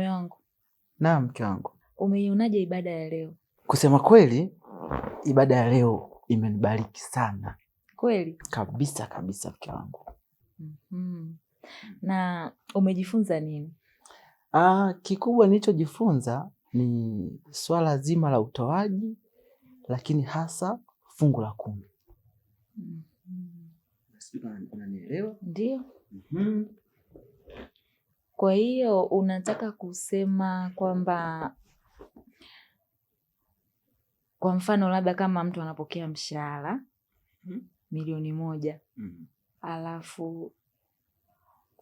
Mume wangu na mke wangu, umeionaje ibada ya leo? Kusema kweli, ibada ya leo imenibariki sana kweli kabisa kabisa, mke wangu. mm -hmm. na umejifunza nini? Ah, kikubwa nilichojifunza ni swala zima la utoaji, lakini hasa fungu la kumi. mm -hmm. Unanielewa? Ndio. mm -hmm. Kwa hiyo unataka kusema kwamba kwa mfano labda kama mtu anapokea mshahara hmm? milioni moja hmm. alafu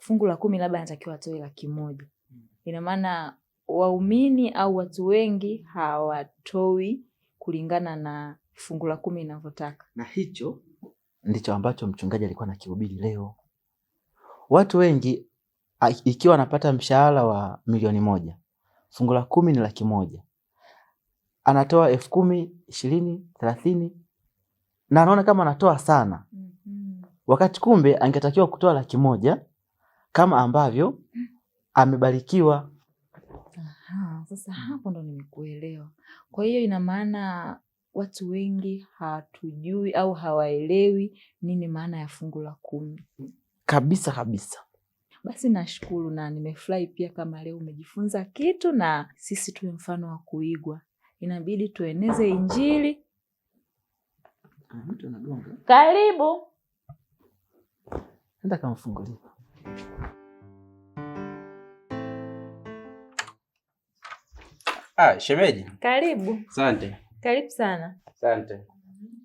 fungu la kumi labda anatakiwa atoe laki moja hmm. ina maana waumini au watu wengi hawatoi kulingana na fungu la kumi inavyotaka, na hicho ndicho ambacho mchungaji alikuwa na kihubiri leo. Watu wengi ikiwa anapata mshahara wa milioni moja, fungu la kumi ni laki moja, anatoa elfu kumi, ishirini, thelathini na anaona kama anatoa sana mm-hmm. Wakati kumbe angetakiwa kutoa laki moja kama ambavyo amebarikiwa. sasa hapo ndo nimekuelewa. Kwa hiyo ina maana watu wengi hatujui au hawaelewi nini maana ya fungu la kumi kabisa kabisa. Basi nashukuru na nimefurahi pia kama leo umejifunza kitu na sisi tuwe mfano wa kuigwa. Inabidi tueneze Injili. Ah, Karibu. Nenda kamfungulie. Ah, shemeji. Karibu. Asante. Karibu sana. Asante.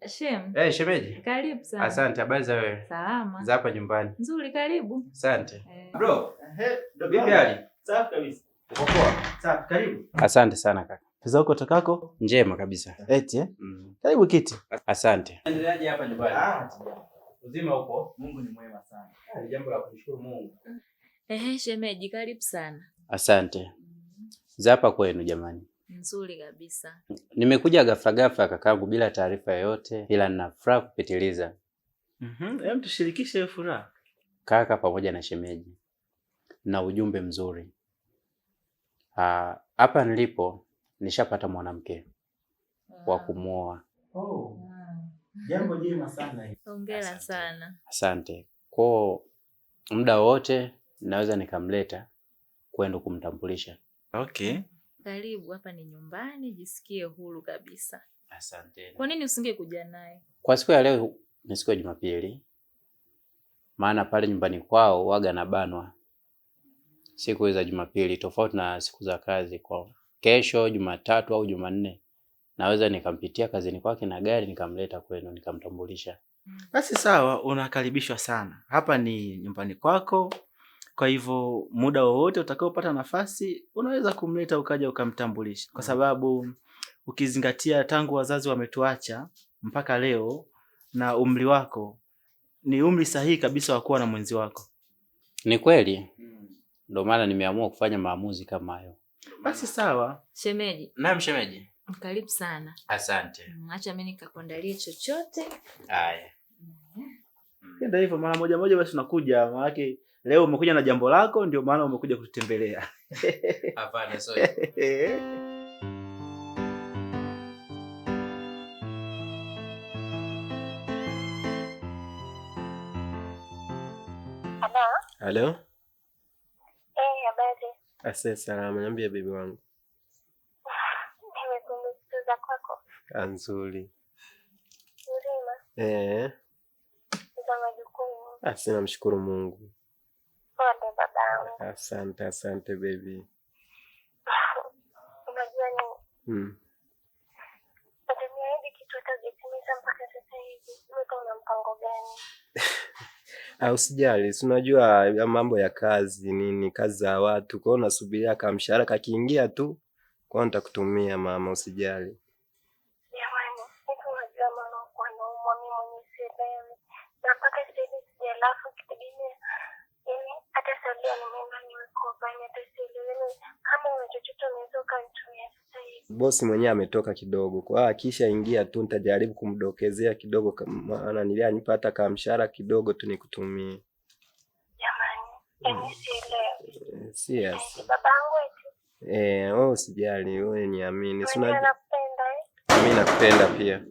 Shem. Eh, shemeji. Karibu sana. Asante, habari za wewe? Salama. Za hapa nyumbani. Nzuri, karibu. Asante. Eh. Bro, eh, ndio hali? Safi kabisa. Uko poa? Safi, karibu. Asante sana kaka. Pesa uko takako? Njema kabisa. Eti eh? Mm. Karibu kiti. Asante. Endeleaje hapa nyumbani? Ah, uzima uko? Mungu ni mwema sana. Ah, ni jambo la kumshukuru Mungu. Eh, shemeji, karibu sana. Asante. Mm. Za hapa kwenu jamani. Nzuri kabisa. Nimekuja ghafla ghafla kakangu, bila taarifa yoyote, ila nina furaha kupitiliza. mm tushirikishe hiyo furaha kaka, pamoja na shemeji na ujumbe mzuri. Ah, hapa nilipo nishapata mwanamke wa ah. kumwoa. Oh. Ah. Jambo jema sana hili. Hongera sana. Asante. kwa muda wote naweza nikamleta kwenda kumtambulisha. Okay karibu hapa ni nyumbani, jisikie huru kabisa. Asante. Kwa nini kuja naye? Kwa siku ya leo ni siku ya Jumapili, maana pale nyumbani kwao waga na banwa siku za Jumapili, tofauti na siku za kazi. Kwa kesho Jumatatu au Jumanne naweza nikampitia kazini kwake na gari nikamleta kwenu nikamtambulisha. Mm. Basi sawa, unakaribishwa sana. Hapa ni nyumbani kwako, kwa hivyo muda wowote utakaopata nafasi, unaweza kumleta ukaja ukamtambulisha, kwa sababu ukizingatia tangu wazazi wametuacha mpaka leo na umri wako ni umri sahihi kabisa wa kuwa na mwenzi wako. Ni kweli, ndio maana nimeamua kufanya maamuzi kama hayo. Basi sawa. Shemeji. Naam, shemeji. Karibu sana. Asante. Mm, acha mimi nikakuandalie chochote. Haya. kenda mm. hivyo mara moja moja basi unakuja, maanake Leo umekuja na jambo lako, ndio maana umekuja kututembelea. Hapana, sorry. Halo. Eh, habari. salama, niambia bibi wangu. Nimekusikiza kwako. Ah, nzuri. Nzuri. Eh. Ah, Mungu. Asante, asante baby. Unajua nini? Mm. kitu mpaka sasa hivi. mpango gani? Ah, usijali, unajua mambo ya kazi nini, kazi za watu. kwao, unasubiria nasubiria kamshahara kakiingia tu. kwao, ntakutumia nitakutumia mama, usijali. Bosi mwenyewe ametoka kidogo, kwa akisha ingia tu nitajaribu kumdokezea kidogo, maana nipa hata ka mshahara kidogo tu nikutumie. Jamani, yaani mm. eh, yaani eh, oh, sijali wewe niamini. nakupenda. Eh? Mimi nakupenda pia.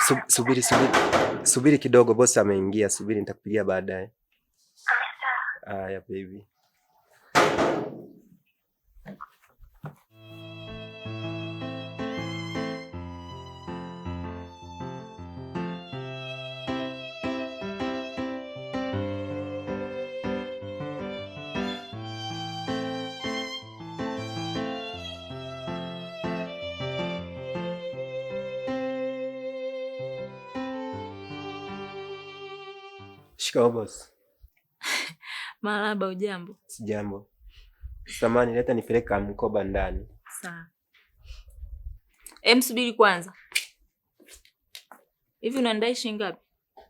Sub, ah. subiri subiri subiri kidogo, bosi ameingia. Subiri, nitakupigia baadaye. Ah, Haya baby. Shikamoo boss. Marahaba, ujambo? Sijambo. Samani, leta nipeleka mkoba ndani. Sawa. E, msubiri kwanza. Hivi unaendai shilingi ngapi?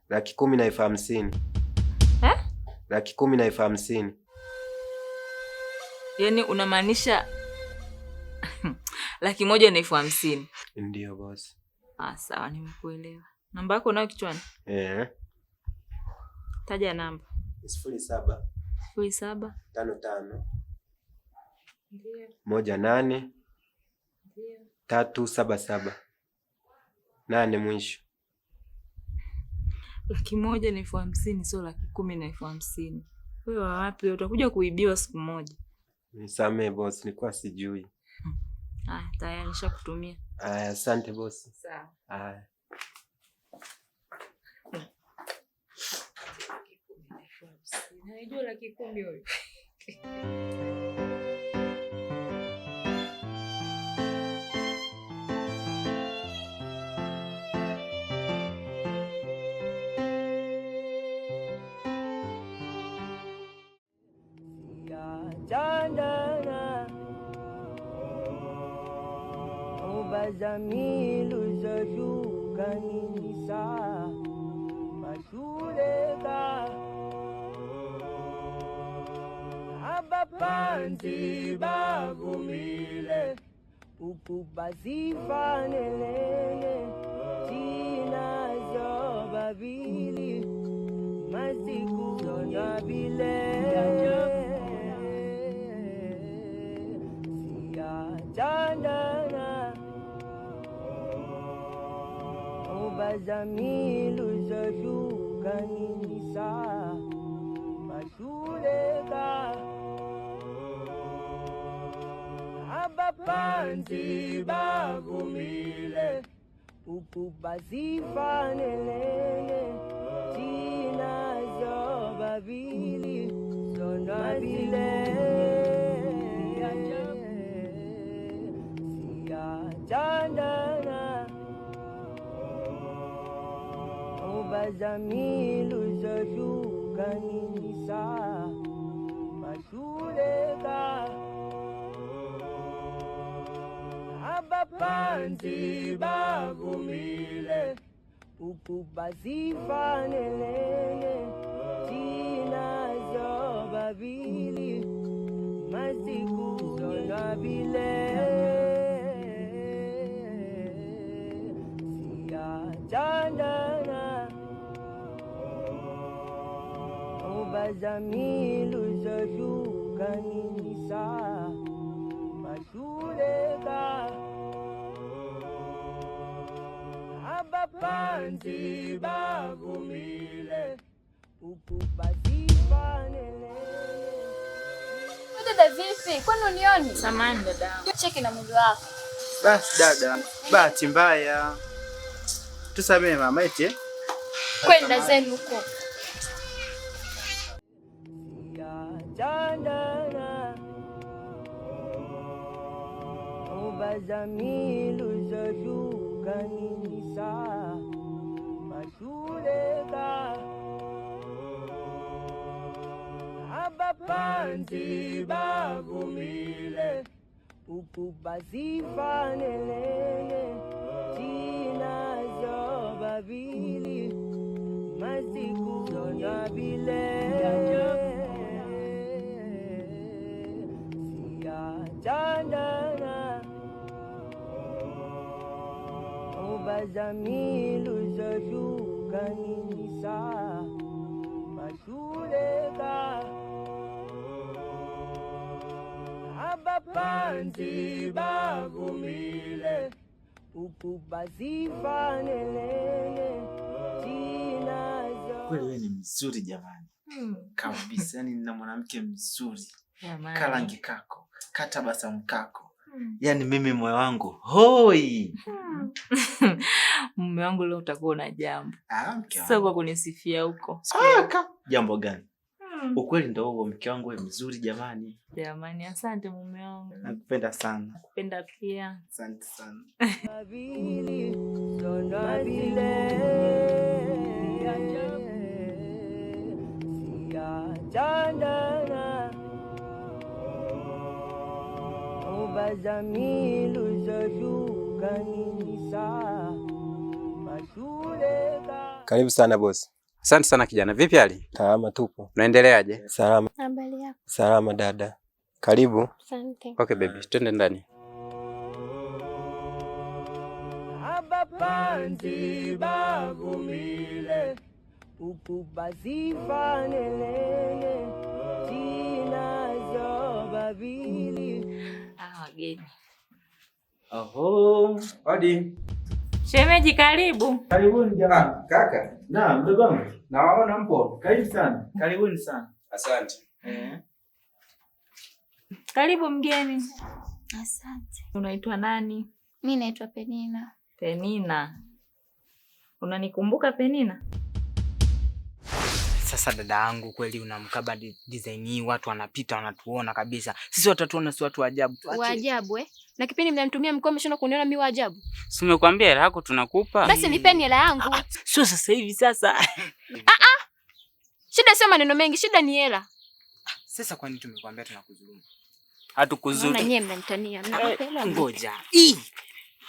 Laki kumi na elfu hamsini. Eh? Laki kumi na elfu hamsini. Yaani unamaanisha laki moja na elfu hamsini? Ndio boss. Ah, sawa, nimekuelewa. Namba yako nayo kichwani? Eh. Taja namba. sifuri saba sifuri saba tano tano ndio moja nane tatu saba saba nane mwisho. Laki moja na elfu hamsini sio laki kumi na elfu hamsini Wewe wawapi? Utakuja kuibiwa siku moja. Nisamee boss, nilikuwa sijui. Ah, tayari nishakutumia. Haya, asante boss. Sawa. Haya. Anajua la kikumbi huyu. Ubazamilu za dukani banzi bavumile ukuba zifanelene babili, zobabili mazikuzonwabileyo siyathandana ubazamile uzohlukaninisa mashule phansi bavumile ukuba zifaneleke thina zobabili zonwabile siyathandana ubazamilu zohlukanisa bahluleka ababanzi bavumile ukuba zifanelene thina zobabili mazikuzonwabile siyathandana ubazamile uzohlukanisana panzi bavumile ukubazifanele dada, vipi? Kwani unioni? Samahani dada, cheki na mwili wako. Basi dada, bahati mbaya, tusamee mama, eti eh? kwenda zenu huko Jamilu Jadu kanisa mashule ka abapanzi bavumile ukuba zifanelele tinazo babili mazikuzonwabile Jamilu Jaju Kanisa Mashureka Abapanzi bagumile ukubazifa nelele kweli wewe ni mzuri jamani, hmm. Kabisa yani na mwanamke mzuri karangi kako katabasamu kako, hmm. Yani mimi moyo wangu hoi, hmm. mume wangu leo utakuwa na jambo ah, sio kwa kunisifia huko. Jambo gani? Hmm. Ukweli ndo huo, mke wangu wewe mzuri jamani. Jamani, asante mume wangu. Nakupenda sana. Nakupenda pia. Asante sana. Karibu sana bosi. Asante sana kijana. Vipi hali? Salama, tupo. Unaendeleaje? Salama. Habari yako? Salama dada. Karibu. Asante. Okay baby, twende ndani. Panzi bagumile ukubazifanelele tinazo babili. Ah, wageni Aho. Hadi. Shemeji karibu. Karibuni jamani. Kaka. Naam, mdogo wangu. Nawaona mpo. Karibu sana. Karibuni sana. Asante. Eh. Karibu mgeni. Asante. Unaitwa nani? Mimi naitwa Penina. Penina. Unanikumbuka Penina? Sasa dada yangu, kweli unamkaba design hii, watu wanapita wanatuona kabisa. Sisi watatuona si watu wa ajabu. Wa ajabu eh? na kipindi mnanitumia mkoa mshona kuniona mimi wa ajabu. Si nimekwambia hela yako tunakupa. Basi nipeni hela yangu. Ah, sio sasa hivi sasa. Ah ah. Shida sio maneno mengi, shida ni hela. Ah, sasa kwani tumekwambia tunakudhulumu? Hatukudhulumu. Na nyinyi mnanitania, eh, mna hela ngoja. Ii.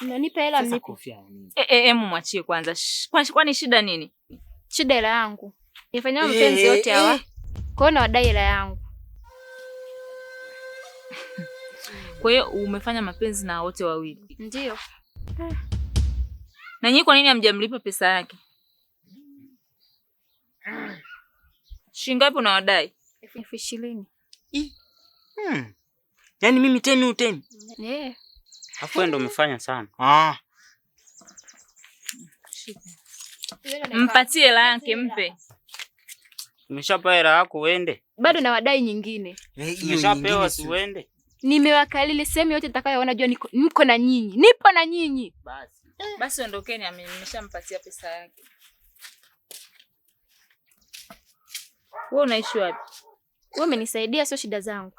Mnanipa hela mimi. mnipe. Eh eh, mwachie kwanza. Kwani shida nini? Shida hela yangu. Nifanyao eh, mpenzi yote eh, hawa. Kwa hiyo nawadai hela yangu. Kwa hiyo umefanya mapenzi na wote wawili? Ndio. Na nyinyi kwa nini hamjamlipa pesa yake? Shingapi unawadai? elfu ishirini. Hmm. Yaani mimi teni uteni. Yeah. Afu ndo umefanya sana. Ah. Mpatie hela yake mpe. Umeshapewa hela yako uende. Bado na wadai nyingine. Umeshapewa eh, si uende nimewakalili sehemu yote nitakayoona, jua niko, niko na nyinyi, nipo na nyinyi. Basi eh. basi, ondokeni, ameshampatia pesa yake. Wewe unaishi wapi? Wewe umenisaidia, sio shida zangu.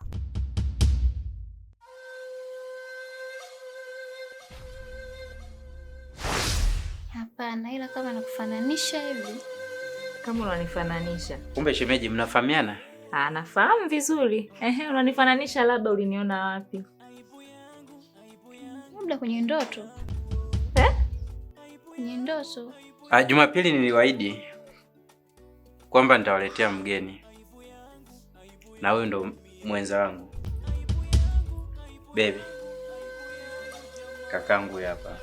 Hapana, ila kama nakufananisha hivi, kama unanifananisha. Kumbe shemeji, mnafahamiana? Anafahamu vizuri. Ehe, unanifananisha, labda uliniona wapi? Labda kwenye ndoto eh? Kwenye ndoto. Ah, Jumapili niliwaahidi kwamba nitawaletea mgeni na huyu ndo mwenza wangu bebi, kakangu hapa.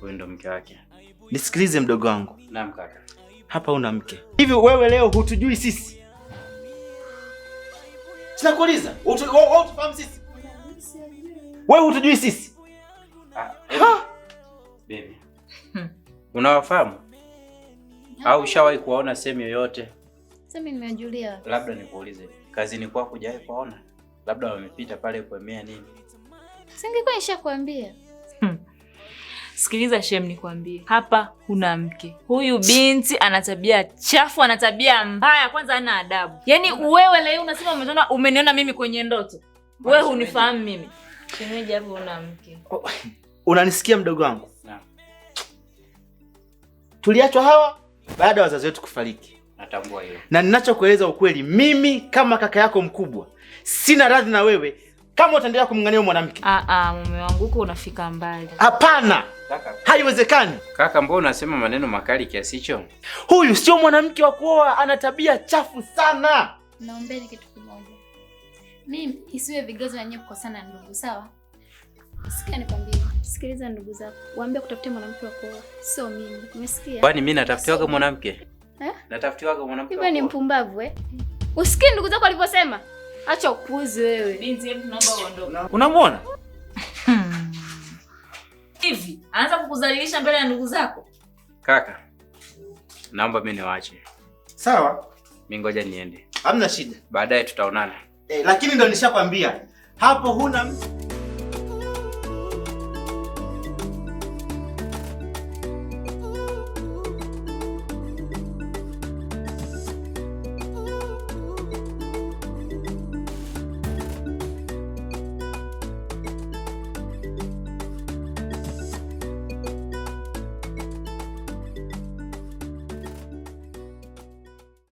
Huyu ndo mke wake. Nisikilize mdogo wangu. Naam kaka. Hapa una mke hivi wewe leo hutujui sisi Sinakuuliza. Wewe utufahamu sisi? Wewe utujui sisi? Baby. Ah, hmm. Unawafahamu? Au ushawahi kuwaona sehemu yoyote? Sema nimejulia. Labda nikuulize, kazini kwako hujawahi kuwaona? Labda wamepita pale kuemea nini? Singekuwa nishakwambia. Hmm. Sikiliza Shem, nikwambie hapa kuna mke. Huyu binti ana tabia chafu, ana tabia mbaya, kwanza ana adabu. Yaani wewe leo unasema umeona, umeniona mimi kwenye ndoto, wewe hunifahamu mimi. Shemeji, hapo una mke. Oh, unanisikia mdogo wangu? Naam. Tuliachwa hawa baada ya wazazi wetu kufariki. Natambua hilo. Na ninachokueleza ukweli, mimi kama kaka yako mkubwa sina radhi na wewe kama utaendelea kumng'ania mwanamke. Ah, ah, mume wangu, huko unafika mbali. Hapana. Haiwezekani kaka, mbona unasema maneno makali kiasi hicho? Huyu sio mwanamke wa kuoa, ana tabia chafu sana. Naombeni kitu kimoja, mimi isiwe vigezo na nyie kukosana ndugu, sawa? Sikia nikwambie, sikiliza ndugu zako, waambie kutafutia mwanamke wa kuoa, sio mimi. Umesikia? Kwani mimi natafutiwaga mwanamke? eh? Natafutiwaga mwanamke? Hivi ni mpumbavu eh? Usikie ndugu zako walivyosema. Acha upuuzi wewe. Binti, hebu tunaomba uondoke. Unamwona? hivi anaanza kukuzalilisha mbele ya ndugu zako. Kaka, naomba mimi niwaache. Sawa, mimi ngoja niende. Hamna shida, baadaye tutaonana. Eh, lakini ndo nishakwambia hapo huna